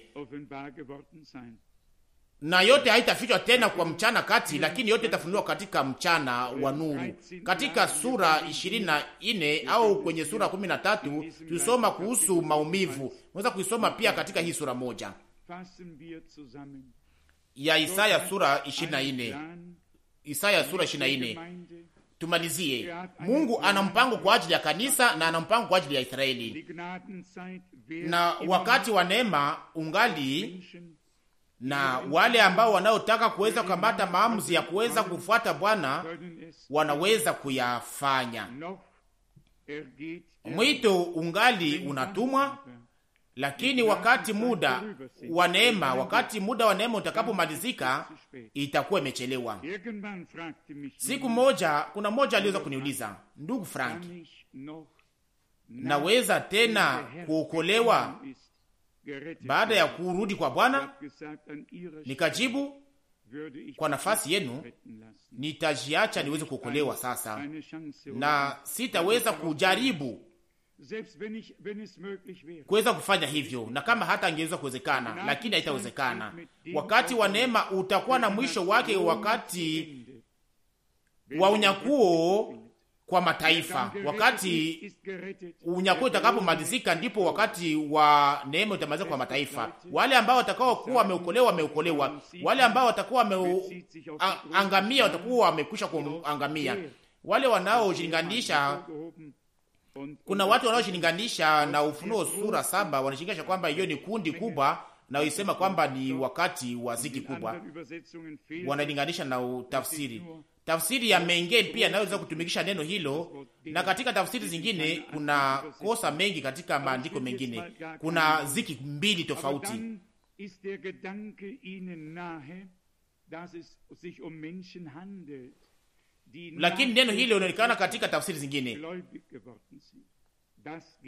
B: na yote haitafichwa tena kwa mchana kati, lakini yote itafunuliwa katika mchana wa nuru. Katika sura 24 au kwenye sura 13 tusoma kuhusu maumivu. Unaweza kuisoma pia katika hii sura moja ya Isaya sura 24. Isaya sura 24. Tumalizie. Mungu ana mpango kwa ajili ya kanisa na ana mpango kwa ajili ya Israeli, na wakati wa neema ungali na wale ambao wanaotaka kuweza kukamata maamuzi ya kuweza kufuata Bwana wanaweza kuyafanya. Mwito ungali unatumwa, lakini wakati muda wa neema, wakati muda wa neema utakapomalizika, itakuwa imechelewa. Siku moja, kuna mmoja aliweza kuniuliza, ndugu Frank,
A: naweza tena kuokolewa baada ya kurudi kwa Bwana nikajibu, kwa nafasi yenu
B: nitajiacha niweze kuokolewa sasa, na sitaweza kujaribu kuweza kufanya hivyo, na kama hata angeweza kuwezekana, lakini haitawezekana. Wakati wa neema utakuwa na mwisho wake, wakati wa unyakuo kwa mataifa. Wakati unyakuo utakapomalizika, ndipo wakati wa neema utamaliza kwa mataifa. Wale ambao watakao kuwa wameokolewa wameokolewa, wale ambao watakuwa
A: wameangamia
B: watakuwa wamekwisha kuangamia. Wale wanaojilinganisha kuna watu wanaoshilinganisha na Ufunuo sura saba wanashilinganisha kwamba hiyo ni kundi kubwa, na isema kwamba ni wakati wa ziki kubwa, wanalinganisha na utafsiri Tafsiri ya menge pia inayoweza kutumikisha neno hilo, na katika tafsiri zingine kuna kosa mengi katika maandiko mengine, kuna ziki mbili tofauti.
A: Um lakini neno hilo linaonekana katika
B: tafsiri zingine,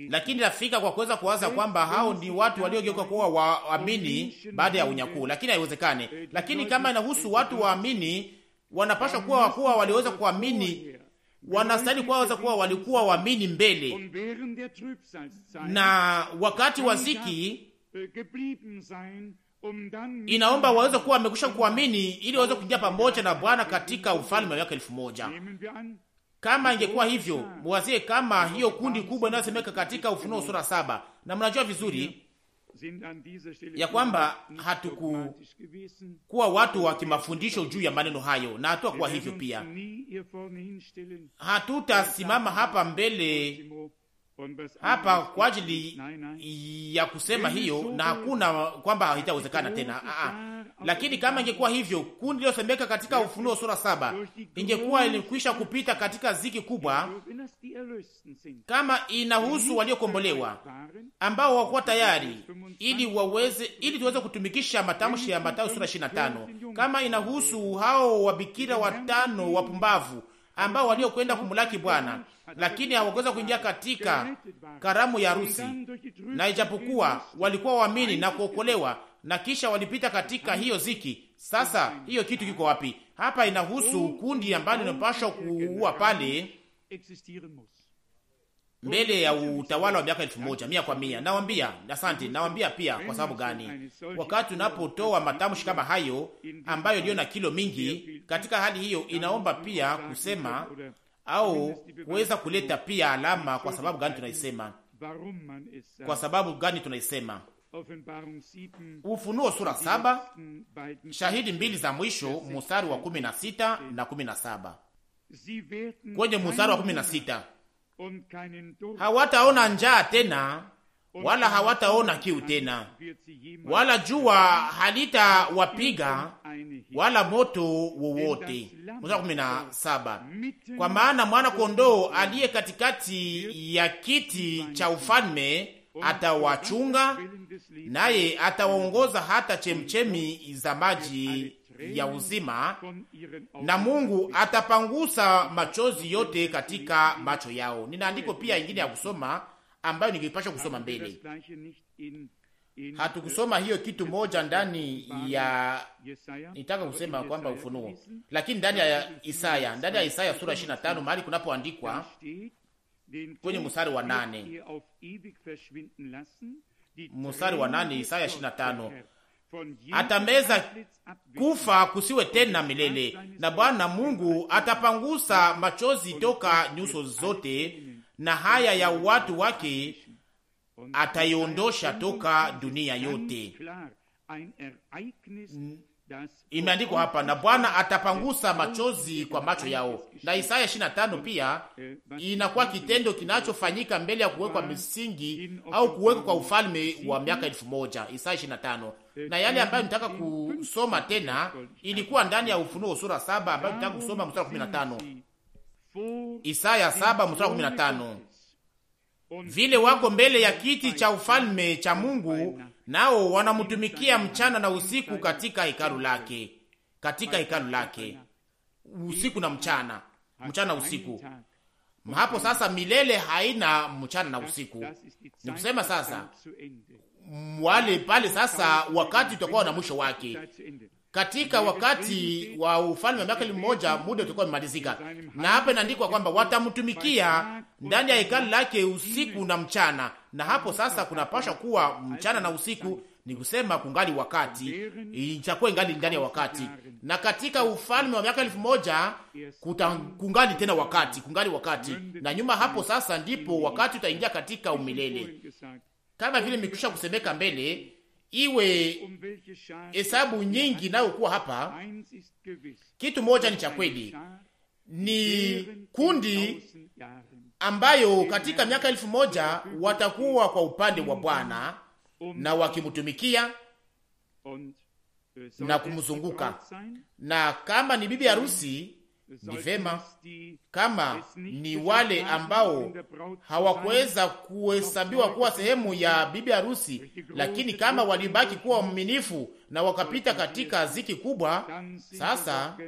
B: lakini nafika kwa kuweza kuwaza kwamba hao ni watu waliogeuka kuwa um waamini baada ya unyakuu lakini haiwezekane. Lakini kama inahusu watu waamini wanapasha kuwa wakuwa waliweza kuamini, wanastahili kuwa waweza kuwa walikuwa waamini mbele,
A: na wakati wa ziki inaomba waweze
B: kuwa wamekwisha kuamini, ili waweze kuingia pamoja na Bwana katika ufalme wa miaka elfu moja. Kama ingekuwa hivyo, mwazie kama hiyo kundi kubwa inayosemeka katika Ufunuo sura saba, na mnajua vizuri
A: ya kwamba hatukukuwa
B: watu wa kimafundisho juu ya maneno hayo, na hatuakuwa hivyo pia. Hatutasimama hapa mbele hapa kwa ajili ya kusema hiyo, na hakuna kwamba itawezekana tena aa. Ah, ah. Lakini kama ingekuwa hivyo, kundi iliyosemeka katika Ufunuo sura saba ingekuwa ilikwisha kupita katika ziki kubwa, kama inahusu waliokombolewa ambao wakuwa tayari, ili waweze ili tuweze kutumikisha matamshi ya Mathayo sura 25, kama inahusu hao wabikira watano wapumbavu ambao waliokwenda kumulaki Bwana, lakini hawakuweza kuingia katika karamu ya harusi, na ijapokuwa walikuwa waamini na kuokolewa na kisha walipita katika hiyo ziki. Sasa hiyo kitu kiko wapi hapa? Inahusu kundi ambalo linapaswa kuua pale mbele ya utawala wa miaka elfu moja mia kwa mia. Nawambia asante, nawambia pia. Kwa sababu gani? Wakati unapotoa matamshi kama hayo ambayo iliyo na kilo mingi, katika hali hiyo inaomba pia kusema au kuweza kuleta pia alama. Kwa sababu gani tunaisema? Kwa sababu gani tunaisema?
A: Ufunuo sura saba shahidi
B: mbili za mwisho, mstari wa kumi na sita na kumi na saba
A: kwenye mstari wa kumi na
B: sita hawataona njaa tena wala hawataona kiu tena, wala jua halitawapiga wala moto wowote. kumi na saba. Kwa maana mwana kondoo aliye katikati ya kiti cha ufalme atawachunga, naye atawaongoza hata chemchemi za maji ya uzima, na Mungu atapangusa machozi yote katika macho yao. ninaandiko pia ingine ya kusoma ambayo ningepasha kusoma mbele. Hatukusoma äh, hiyo kitu moja ndani ya, nitaka kusema kwamba Ufunuo, lakini ndani ya Isaya, ndani ya Isaya sura 25 mahali kunapoandikwa kwenye mstari wa nane
A: mstari wa nane Isaya 25 atameza
B: kufa kusiwe tena milele, na Bwana Mungu atapangusa machozi toka nyuso zote, na haya ya watu wake ataiondosha toka dunia yote. Imeandikwa hapa, na Bwana atapangusa machozi kwa macho yao. Na Isaya 25 pia inakuwa kitendo kinachofanyika mbele ya kuwekwa misingi au kuwekwa kwa ufalme wa miaka elfu moja. Isaya 25 na yale ambayo nitaka kusoma tena ilikuwa ndani ya Ufunuo sura saba ambayo nitaka kusoma mstari wa kumi na tano Isaya saba mstari wa kumi na tano vile wako mbele ya kiti cha ufalme cha Mungu, nao wanamtumikia mchana na usiku katika hekalu lake, katika hekalu lake usiku na mchana, mchana usiku. Hapo sasa milele haina mchana na usiku. Nikusema sasa wale pale sasa, wakati utakuwa na mwisho wake katika wakati wa ufalme wa miaka elfu moja muda utakuwa umemalizika, na hapa inaandikwa kwamba watamtumikia ndani ya hekalu lake usiku na mchana. Na hapo sasa kunapasha kuwa mchana na usiku, ni kusema kungali wakati, itakuwa ingali ndani ya wakati. Na katika ufalme wa miaka elfu moja kuta, kungali tena wakati, kungali wakati, na nyuma hapo sasa ndipo wakati utaingia katika umilele kama vile mikusha kusemeka mbele, iwe hesabu nyingi inayokuwa hapa, kitu moja ni cha kweli, ni kundi ambayo katika miaka elfu moja watakuwa kwa upande wa Bwana na wakimtumikia äh, na kumzunguka, na kama ni bibi harusi ni vema kama ni wale ambao hawakuweza kuhesabiwa kuwa sehemu ya bibi harusi, lakini kama walibaki kuwa waaminifu na wakapita katika ziki kubwa,
A: sasa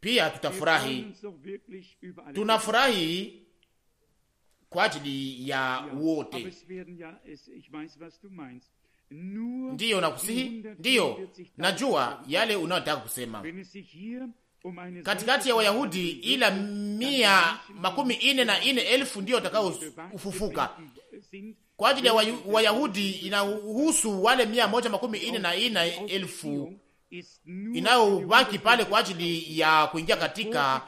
B: pia tutafurahi. Tunafurahi kwa ajili ya wote.
A: Ndiyo nakusihi, ndiyo
B: najua yale unayotaka kusema katikati ya Wayahudi, ila mia makumi ine na ine elfu ndiyo watakaofufuka. Kwa ajili ya Wayahudi inahusu wale mia moja makumi ine na ine elfu inayobaki pale kwa ajili ya kuingia katika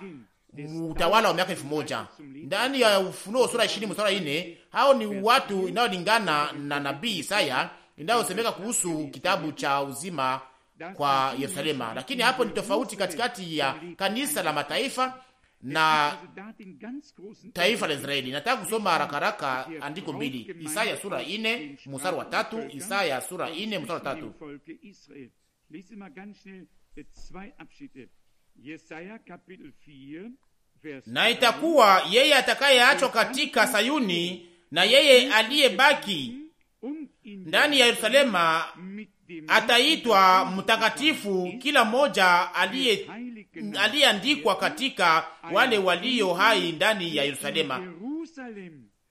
B: utawala wa miaka elfu moja ndani ya Ufunuo sura ishirini mstari ine. Hao ni watu inayolingana na nabii Isaya inayosemeka kuhusu kitabu cha uzima kwa Yerusalema, lakini hapo ni tofauti katikati ya kanisa la mataifa na taifa la Israeli. Nataka kusoma haraka haraka andiko mbili, Isaya sura ine mstari wa tatu Isaya sura ine mstari wa tatu
A: äh, na itakuwa yeye
B: atakayeachwa katika Sayuni na yeye aliyebaki ndani ya Yerusalema ataitwa mtakatifu kila mmoja aliyeandikwa katika wale walio hai ndani ya Yerusalema,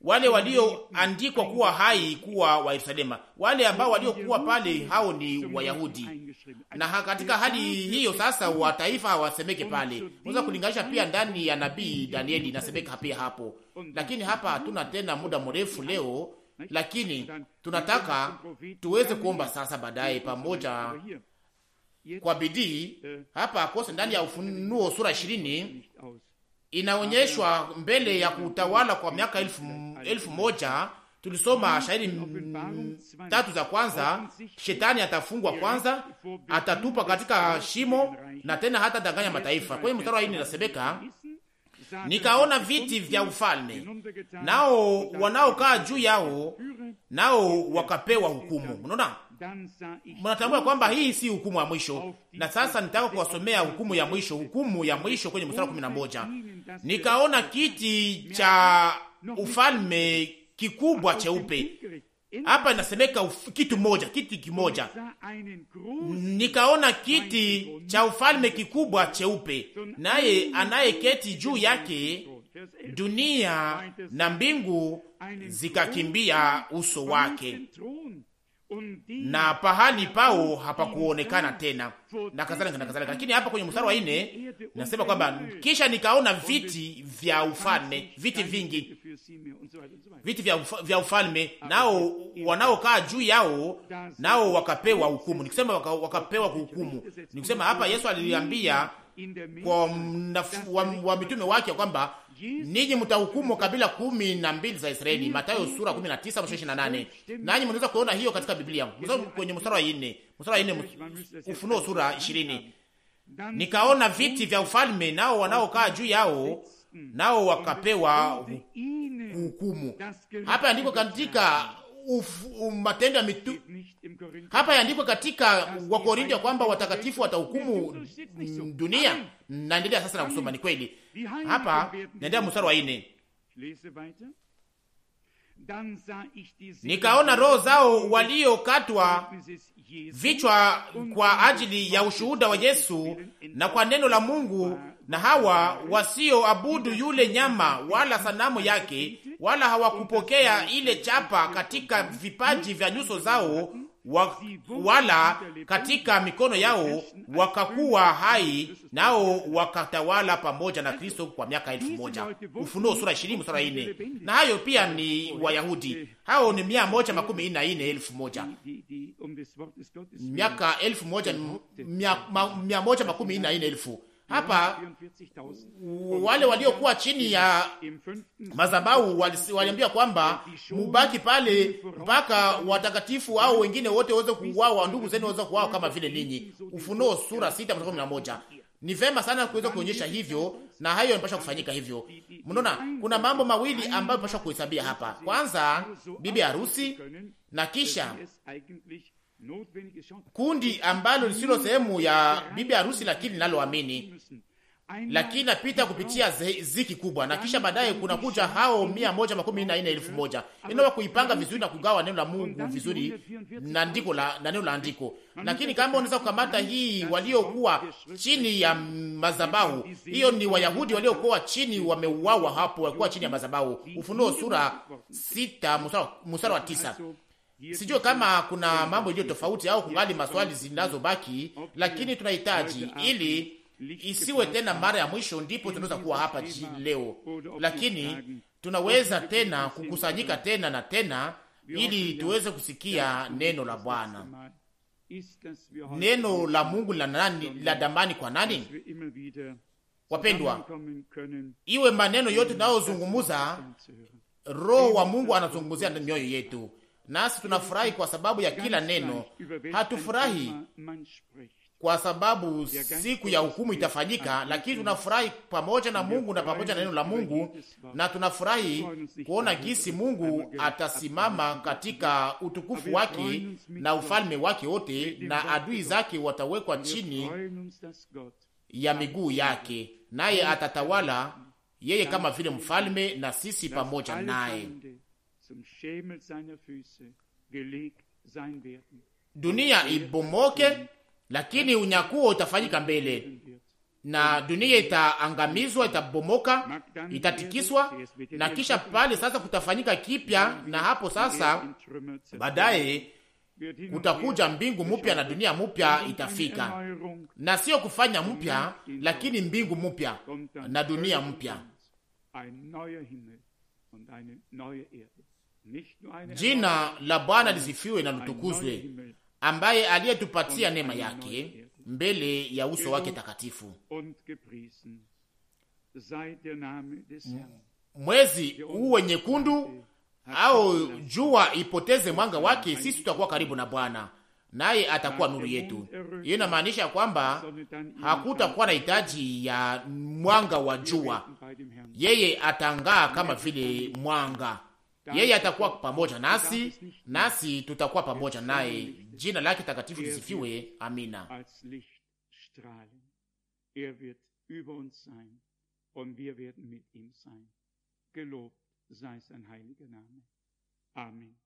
B: wale walioandikwa kuwa hai kuwa wa Yerusalema, wale ambao waliokuwa pale, hao ni Wayahudi. Na katika hali hiyo sasa, wa taifa hawasemeke pale. Unaweza kulinganisha pia ndani ya nabii Danieli, inasemeka pia hapo, lakini hapa hatuna tena muda mrefu leo lakini tunataka tuweze kuomba sasa baadaye pamoja kwa bidii. Uh, hapa kosa ndani ya Ufunuo sura ishirini inaonyeshwa mbele ya kutawala kwa miaka elfu, elfu moja. Tulisoma shahiri tatu za kwanza, shetani atafungwa kwanza, atatupa katika shimo na tena hata danganya mataifa. Kwenye mstari wa nne inasemeka nikaona viti vya ufalme, nao wanaokaa juu yao nao wakapewa hukumu. Unaona, mnatambua kwamba hii si hukumu ya mwisho. Na sasa nitaka kuwasomea hukumu ya mwisho, hukumu ya mwisho kwenye mstari kumi na moja nikaona kiti cha ufalme kikubwa cheupe hapa inasemeka kitu moja, kiti kimoja. Nikaona kiti cha ufalme kikubwa cheupe, naye anayeketi juu yake, dunia na mbingu
A: zikakimbia
B: uso wake na pahali pao hapakuonekana tena, na kadhalika na kadhalika. Lakini hapa kwenye mstari wa nne nasema kwamba kisha nikaona viti vya ufalme, viti vingi, viti vya, ufa, vya ufalme, nao wanaokaa juu yao nao wakapewa hukumu. Nikusema waka, wakapewa hukumu, nikusema hapa Yesu aliliambia kwa wa, wa mitume wake kwamba ninyi mtahukumu kabila kumi na mbili za Israeli, Mathayo sura kumi 19 mstari nane. Nanyi mnaweza kuona hiyo katika Biblia kwenye mstari wa 4, mstari wa 4, Ufunuo sura ishirini. Nikaona viti vya ufalme, nao wanaokaa juu yao nao wakapewa hukumu. Hapa andiko katika Um, matendo ya mitu. Hapa yaandikwa katika Wakorintho kwamba watakatifu watahukumu dunia. Naendelea sasa na kusoma, ni kweli
A: hapa, naendelea mstari wa nne. Nikaona
B: roho zao waliokatwa vichwa kwa ajili ya ushuhuda wa Yesu na kwa neno la Mungu, na hawa wasioabudu yule nyama wala sanamu yake, wala hawakupokea ile chapa katika vipaji vya nyuso zao wa, wala katika mikono yao wakakuwa hai nao wakatawala pamoja na Kristo kwa miaka elfu moja. Ufunuo sura ishirini mstari ine. Na hayo pia ni Wayahudi, hao ni mia moja makumi na elfu moja miaka elfu moja mia, mia moja makumi na elfu
A: hapa wale waliokuwa
B: chini ya mazabau waliambiwa kwamba mubaki pale mpaka watakatifu au wengine wote waweze kuuawa, ndugu zenu waweze kuuawa kama vile ninyi. Ufunuo sura sita mstari kumi na moja. Ni vema sana kuweza kuonyesha hivyo, na hayo yanapaswa kufanyika hivyo. Mnaona, kuna mambo mawili ambayo yanapaswa kuhesabia hapa, kwanza bibi harusi na kisha kundi ambalo lisilo sehemu ya bibi harusi, lakini linaloamini, lakini napita kupitia ziki kubwa, na kisha baadaye kuja hao mia moja makumi na nne elfu moja inawa kuipanga vizuri na kugawa neno la Mungu vizuri na ndiko la na neno la andiko. Lakini kama unaweza kukamata hii waliokuwa chini ya mazabahu, hiyo ni Wayahudi waliokuwa chini wameuawa hapo, walikuwa chini ya mazabahu. Ufunuo sura sita mstari wa tisa. Sijui kama kuna mambo iliyo tofauti au kungali maswali zinazobaki, lakini tunahitaji ili isiwe tena mara ya mwisho, ndipo tunaweza kuwa hapa leo, lakini tunaweza tena kukusanyika tena na tena ili tuweze kusikia neno la Bwana, neno la Mungu la nani, la damani kwa nani? Wapendwa, iwe maneno yote tunayozungumuza, Roho wa Mungu anazungumzia mioyo yetu nasi tunafurahi kwa sababu ya kila neno.
A: Hatufurahi
B: kwa sababu siku ya hukumu itafanyika, lakini tunafurahi pamoja na Mungu na pamoja na neno la Mungu, na tunafurahi kuona jinsi Mungu atasimama katika utukufu wake na ufalme wake wote, na adui zake watawekwa chini ya miguu yake, naye atatawala yeye kama vile mfalme, na sisi pamoja naye dunia er ibomoke, lakini unyakuo utafanyika mbele na dunia itaangamizwa, itabomoka, itatikiswa, na kisha pale sasa kutafanyika kipya, na hapo sasa baadaye kutakuja mbingu mpya na dunia mpya itafika, na sio kufanya mpya, lakini mbingu mpya na dunia mpya. Jina la Bwana lisifiwe na lutukuzwe, ambaye aliyetupatia neema yake mbele ya uso wake takatifu. Mm. Mwezi uwe nyekundu au jua ipoteze mwanga wake, sisi tutakuwa karibu na Bwana naye atakuwa nuru yetu. Hiyo inamaanisha kwamba hakutakuwa na hitaji ya mwanga wa jua, yeye atang'aa kama er vile mwanga yeye atakuwa pamoja nasi, nasi tutakuwa pamoja naye. Jina lake takatifu er lisifiwe. Amina.
A: Er Amen.